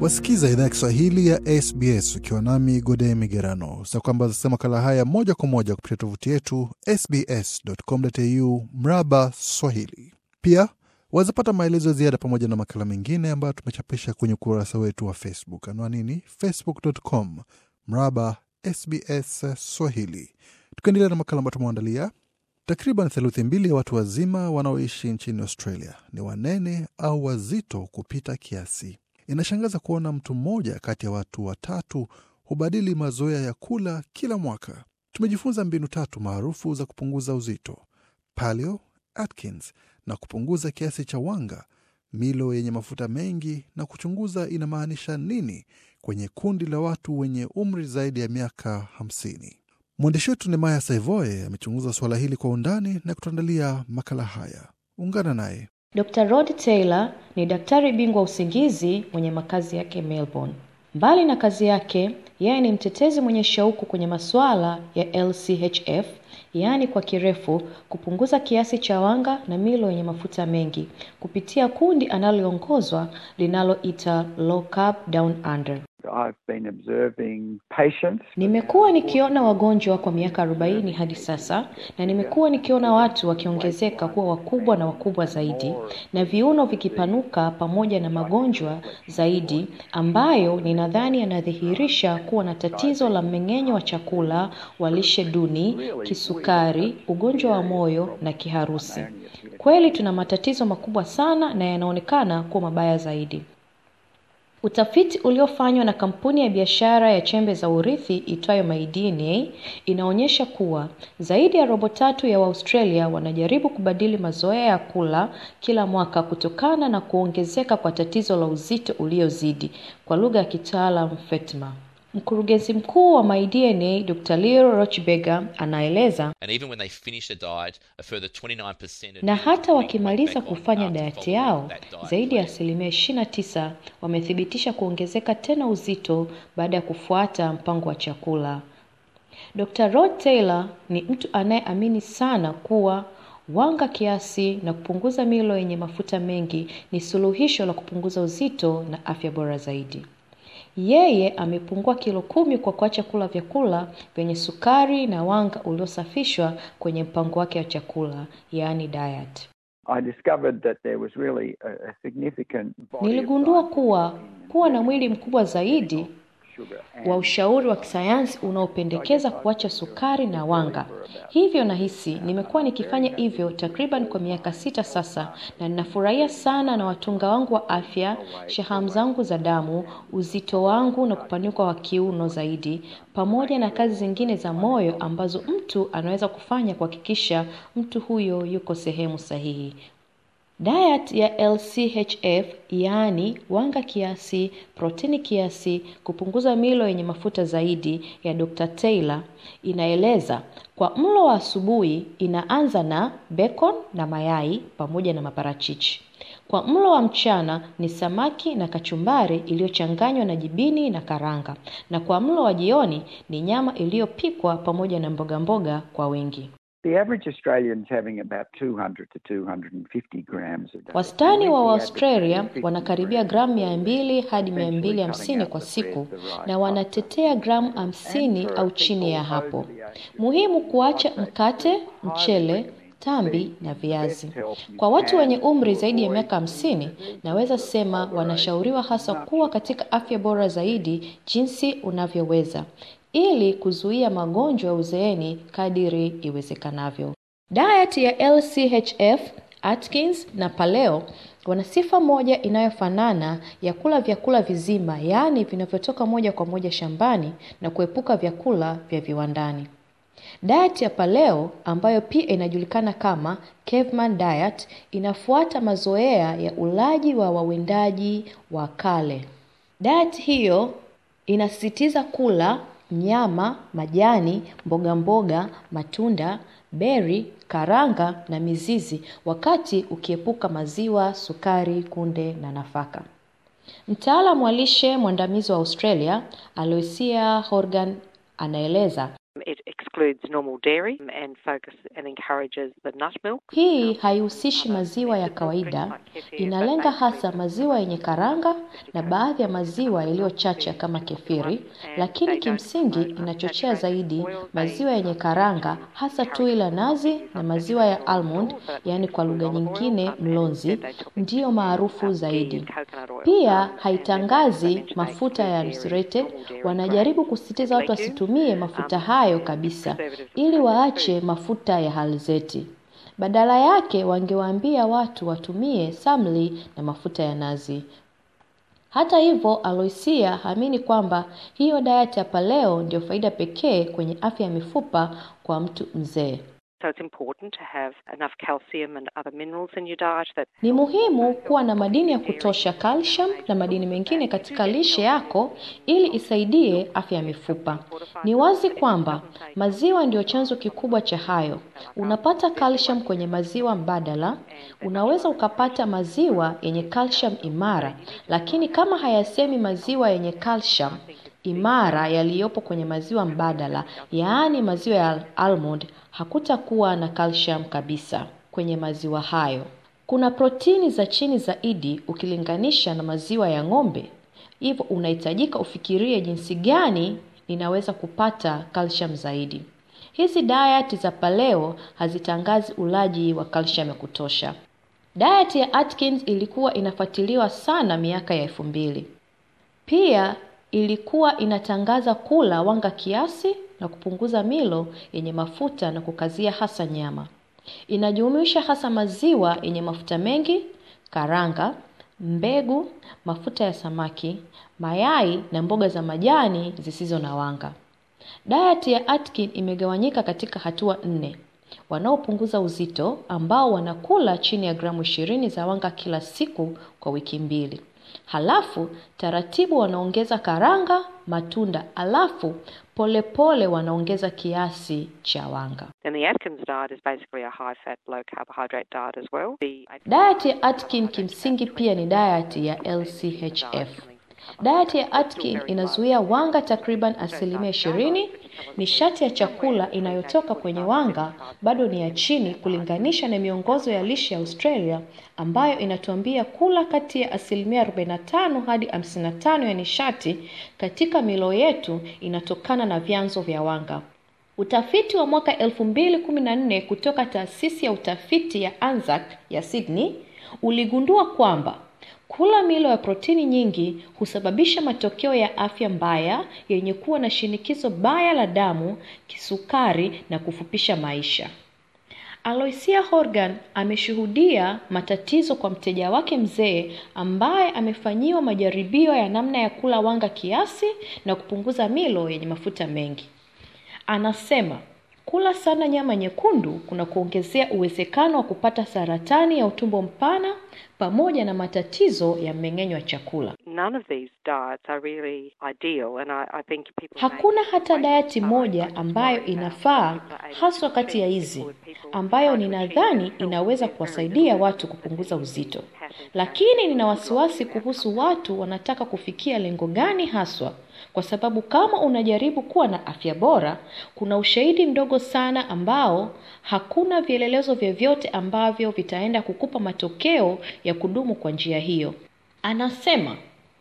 Wasikiza idhaa ya Kiswahili ya SBS ukiwa nami Gode Migerano sa kwamba zasema makala haya moja kwa moja kupitia tovuti yetu sbs.com.au mraba swahili. Pia wazapata maelezo ya ziada pamoja na makala mengine ambayo tumechapisha kwenye ukurasa wetu wa Facebook. Anwani ni facebook.com mraba SBS Swahili. Tukiendelea na makala ambayo tumeandalia, takriban theluthi mbili ya watu wazima wanaoishi nchini Australia ni wanene au wazito kupita kiasi. Inashangaza kuona mtu mmoja kati ya watu watatu hubadili mazoea ya kula kila mwaka. Tumejifunza mbinu tatu maarufu za kupunguza uzito: paleo, Atkins na kupunguza kiasi cha wanga, milo yenye mafuta mengi, na kuchunguza inamaanisha nini kwenye kundi la watu wenye umri zaidi ya miaka 50. Mwandishi wetu Nemaya Saivoe amechunguza suala hili kwa undani na kutuandalia makala haya. Ungana naye. Dr. Rod Taylor ni daktari bingwa usingizi mwenye makazi yake Melbourne. Mbali na kazi yake, yeye ni mtetezi mwenye shauku kwenye masuala ya LCHF, yaani kwa kirefu kupunguza kiasi cha wanga na milo yenye mafuta mengi, kupitia kundi analoongozwa linaloita Low Carb Down Under. Nimekuwa nikiona wagonjwa kwa miaka arobaini hadi sasa, na nimekuwa nikiona watu wakiongezeka kuwa wakubwa na wakubwa zaidi, na viuno vikipanuka pamoja na magonjwa zaidi ambayo ninadhani yanadhihirisha kuwa na tatizo la mmeng'enyo wa chakula wa lishe duni, kisukari, ugonjwa wa moyo na kiharusi. Kweli tuna matatizo makubwa sana na yanaonekana kuwa mabaya zaidi. Utafiti uliofanywa na kampuni ya biashara ya chembe za urithi itwayo MyDNA inaonyesha kuwa zaidi ya robo tatu ya Waaustralia wanajaribu kubadili mazoea ya kula kila mwaka kutokana na kuongezeka kwa tatizo la uzito uliozidi, kwa lugha ya kitaalamu, FETMA. Mkurugenzi mkuu wa MyDNA Dr. Leo rochbeger anaeleza, And even when they finish a diet, a further 29% of na hata wakimaliza kufanya dayati yao zaidi ya asilimia 29 wamethibitisha kuongezeka tena uzito baada ya kufuata mpango wa chakula. Dr. Rod Taylor ni mtu anayeamini sana kuwa wanga kiasi na kupunguza milo yenye mafuta mengi ni suluhisho la kupunguza uzito na afya bora zaidi. Yeye amepungua kilo kumi kwa kuacha kula vyakula vyenye sukari na wanga uliosafishwa kwenye mpango wake wa chakula, yaani diet. I discovered that there was really a significant body. Niligundua kuwa kuwa na mwili mkubwa zaidi wa ushauri wa kisayansi unaopendekeza kuacha sukari na wanga. Hivyo nahisi nimekuwa nikifanya hivyo takriban kwa miaka sita sasa, na ninafurahia sana na watunga wangu wa afya, shahamu zangu za damu, uzito wangu na kupanuka wa kiuno zaidi, pamoja na kazi zingine za moyo ambazo mtu anaweza kufanya kuhakikisha mtu huyo yuko sehemu sahihi. Diet ya LCHF yaani wanga kiasi, protini kiasi, kupunguza milo yenye mafuta zaidi ya Dr. Taylor inaeleza kwa mlo wa asubuhi inaanza na bacon na mayai pamoja na maparachichi. Kwa mlo wa mchana ni samaki na kachumbari iliyochanganywa na jibini na karanga, na kwa mlo wa jioni ni nyama iliyopikwa pamoja na mboga mboga kwa wingi. Wastani wa Waustralia wanakaribia gramu mia mbili hadi mia mbili hamsini kwa siku na wanatetea gramu hamsini au chini ya hapo. Muhimu kuacha mkate, mchele, tambi na viazi. Kwa watu wenye umri zaidi ya miaka hamsini, naweza sema wanashauriwa hasa kuwa katika afya bora zaidi jinsi unavyoweza ili kuzuia magonjwa ya uzeeni kadiri iwezekanavyo. Diet ya LCHF, Atkins na Paleo wana sifa moja inayofanana ya kula vyakula vizima, yaani vinavyotoka moja kwa moja shambani na kuepuka vyakula vya viwandani. Diet ya Paleo ambayo pia inajulikana kama Caveman diet inafuata mazoea ya ulaji wa wawindaji wa kale. Diet hiyo inasisitiza kula nyama, majani, mbogamboga, matunda, beri, karanga na mizizi wakati ukiepuka maziwa, sukari, kunde na nafaka. Mtaalamu wa lishe mwandamizi wa Australia, aloisia Horgan anaeleza. It Um, Hii haihusishi maziwa ya kawaida, inalenga hasa maziwa yenye karanga na baadhi ya maziwa yaliyochacha kama kefiri, lakini kimsingi inachochea zaidi maziwa yenye karanga, hasa tui la nazi na maziwa ya almond, yaani kwa lugha nyingine mlonzi, ndiyo maarufu zaidi. Pia haitangazi mafuta ya wanajaribu kusisitiza watu wasitumie mafuta hayo kabisa mafuta ili waache mafuta ya halizeti. Badala yake wangewaambia watu watumie samli na mafuta ya nazi. Hata hivyo, Aloisia haamini kwamba hiyo dayati ya paleo ndio faida pekee kwenye afya ya mifupa kwa mtu mzee. Ni muhimu kuwa na madini ya kutosha calcium na madini mengine katika lishe yako ili isaidie afya ya mifupa. Ni wazi kwamba maziwa ndiyo chanzo kikubwa cha hayo. Unapata calcium kwenye maziwa mbadala. Unaweza ukapata maziwa yenye calcium imara, lakini kama hayasemi maziwa yenye calcium imara yaliyopo kwenye maziwa mbadala, yaani maziwa ya almond, hakutakuwa na calcium kabisa kwenye maziwa hayo. Kuna protini za chini zaidi ukilinganisha na maziwa ya ng'ombe, hivyo unahitajika ufikirie jinsi gani ninaweza kupata calcium zaidi. Hizi diet za paleo hazitangazi ulaji wa calcium ya kutosha. Diet ya Atkins ilikuwa inafuatiliwa sana miaka ya elfu mbili. Pia ilikuwa inatangaza kula wanga kiasi na kupunguza milo yenye mafuta na kukazia hasa nyama. Inajumuisha hasa maziwa yenye mafuta mengi, karanga, mbegu, mafuta ya samaki, mayai na mboga za majani zisizo na wanga. Diet ya atkin imegawanyika katika hatua nne: wanaopunguza uzito ambao wanakula chini ya gramu ishirini za wanga kila siku kwa wiki mbili. Halafu taratibu wanaongeza karanga, matunda, halafu polepole wanaongeza kiasi cha wanga. Diet ya Atkins kimsingi pia ni diet ya LCHF. Diet ya Atkin inazuia wanga takriban asilimia ishirini. Nishati ya chakula inayotoka kwenye wanga bado ni ya chini kulinganisha na miongozo ya lishe ya Australia ambayo inatuambia kula kati ya asilimia 45 hadi 55 ya nishati katika milo yetu inatokana na vyanzo vya wanga. Utafiti wa mwaka 2014 kutoka taasisi ya utafiti ya ANZAC ya Sydney uligundua kwamba Kula milo ya protini nyingi husababisha matokeo ya afya mbaya yenye kuwa na shinikizo baya la damu, kisukari na kufupisha maisha. aloisia Horgan ameshuhudia matatizo kwa mteja wake mzee ambaye amefanyiwa majaribio ya namna ya kula wanga kiasi na kupunguza milo yenye mafuta mengi. Anasema Kula sana nyama nyekundu kuna kuongezea uwezekano wa kupata saratani ya utumbo mpana pamoja na matatizo ya mmeng'enyo wa chakula. None of these diets are really ideal and I, I think people hakuna hata dayati moja ambayo inafaa haswa kati ya hizi ambayo ninadhani inaweza kuwasaidia watu kupunguza uzito lakini nina wasiwasi kuhusu watu wanataka kufikia lengo gani haswa, kwa sababu kama unajaribu kuwa na afya bora, kuna ushahidi mdogo sana ambao hakuna vielelezo vyovyote ambavyo vitaenda kukupa matokeo ya kudumu kwa njia hiyo, anasema.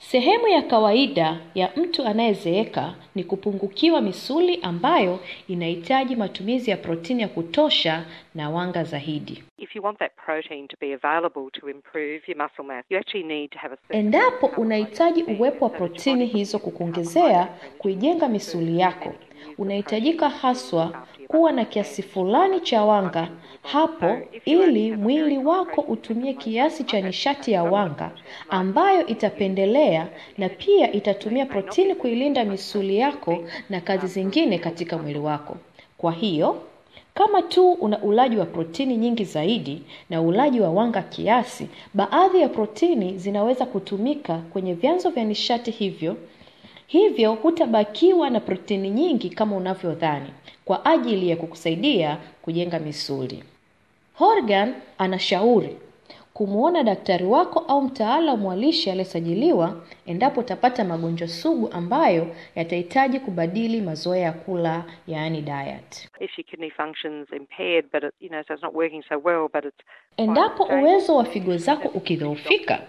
Sehemu ya kawaida ya mtu anayezeeka ni kupungukiwa misuli ambayo inahitaji matumizi ya protini ya kutosha na wanga zaidi. Endapo unahitaji uwepo wa protini hizo kukuongezea kuijenga misuli yako, unahitajika haswa kuwa na kiasi fulani cha wanga hapo ili mwili wako utumie kiasi cha nishati ya wanga ambayo itapendelea na pia itatumia protini kuilinda misuli yako na kazi zingine katika mwili wako. Kwa hiyo kama tu una ulaji wa protini nyingi zaidi na ulaji wa wanga kiasi, baadhi ya protini zinaweza kutumika kwenye vyanzo vya nishati hivyo hivyo hutabakiwa na proteini nyingi kama unavyodhani kwa ajili ya kukusaidia kujenga misuli horgan anashauri kumwona daktari wako au mtaalamu wa lishe aliyesajiliwa endapo utapata magonjwa sugu ambayo yatahitaji kubadili mazoea ya kula, yaani diet. Endapo uwezo wa figo zako ukidhoofika,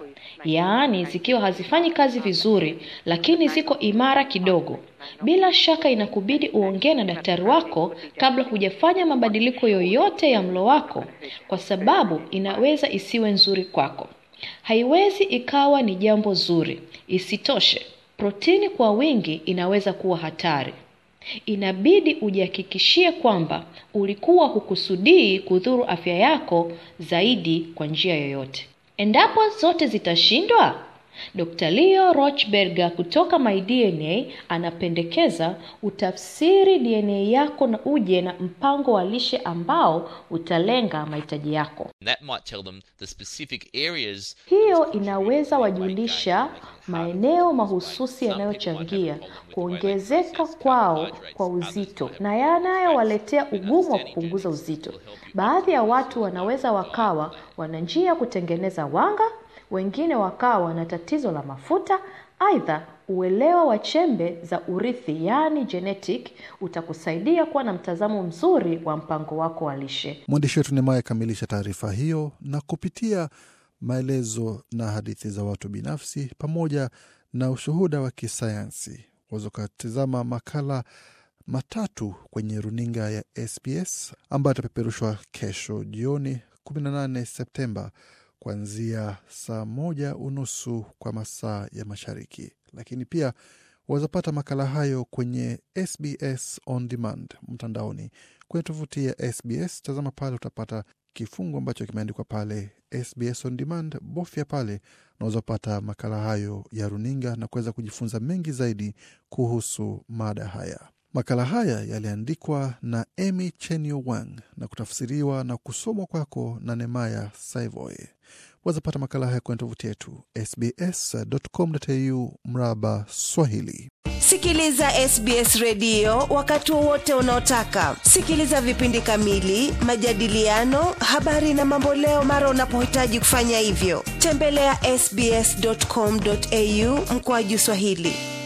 yaani zikiwa hazifanyi kazi vizuri, lakini ziko imara kidogo, bila shaka inakubidi uongee na daktari wako kabla hujafanya mabadiliko yoyote ya mlo wako, kwa sababu inaweza isiwe nzuri kwako haiwezi ikawa ni jambo zuri. Isitoshe, protini kwa wingi inaweza kuwa hatari. Inabidi ujihakikishie kwamba ulikuwa hukusudii kudhuru afya yako zaidi kwa njia yoyote. Endapo zote zitashindwa, Dr. Leo Rochberger kutoka MyDNA anapendekeza utafsiri DNA yako na uje na mpango wa lishe ambao utalenga mahitaji yako. That might tell them the specific areas... Hiyo inaweza wajulisha maeneo mahususi yanayochangia kuongezeka kwao kwa uzito na yanayowaletea ugumu wa kupunguza uzito. Baadhi ya watu wanaweza wakawa wana njia ya kutengeneza wanga wengine wakawa na tatizo la mafuta aidha uelewa wa chembe za urithi yani genetic utakusaidia kuwa na mtazamo mzuri wa mpango wako wa lishe mwandishi wetu nemaya akamilisha taarifa hiyo na kupitia maelezo na hadithi za watu binafsi pamoja na ushuhuda wa kisayansi wazokatizama makala matatu kwenye runinga ya SBS ambayo itapeperushwa kesho jioni 18 Septemba kuanzia saa moja unusu kwa masaa ya mashariki, lakini pia wazapata makala hayo kwenye SBS on demand mtandaoni kwenye tovuti ya SBS. Tazama pale, utapata kifungu ambacho kimeandikwa pale SBS on demand, bofya pale unawezapata makala hayo ya runinga na kuweza kujifunza mengi zaidi kuhusu mada haya. Makala haya yaliandikwa na Emy Chenyo Wang na kutafsiriwa na kusomwa kwako na Nemaya Saivoy. Wazapata makala haya kwenye tovuti yetu sbs.com.au mraba Swahili. Sikiliza SBS redio wakati wowote unaotaka. Sikiliza vipindi kamili, majadiliano, habari na mamboleo mara unapohitaji kufanya hivyo. Tembelea ya sbs.com.au mkoaju Swahili.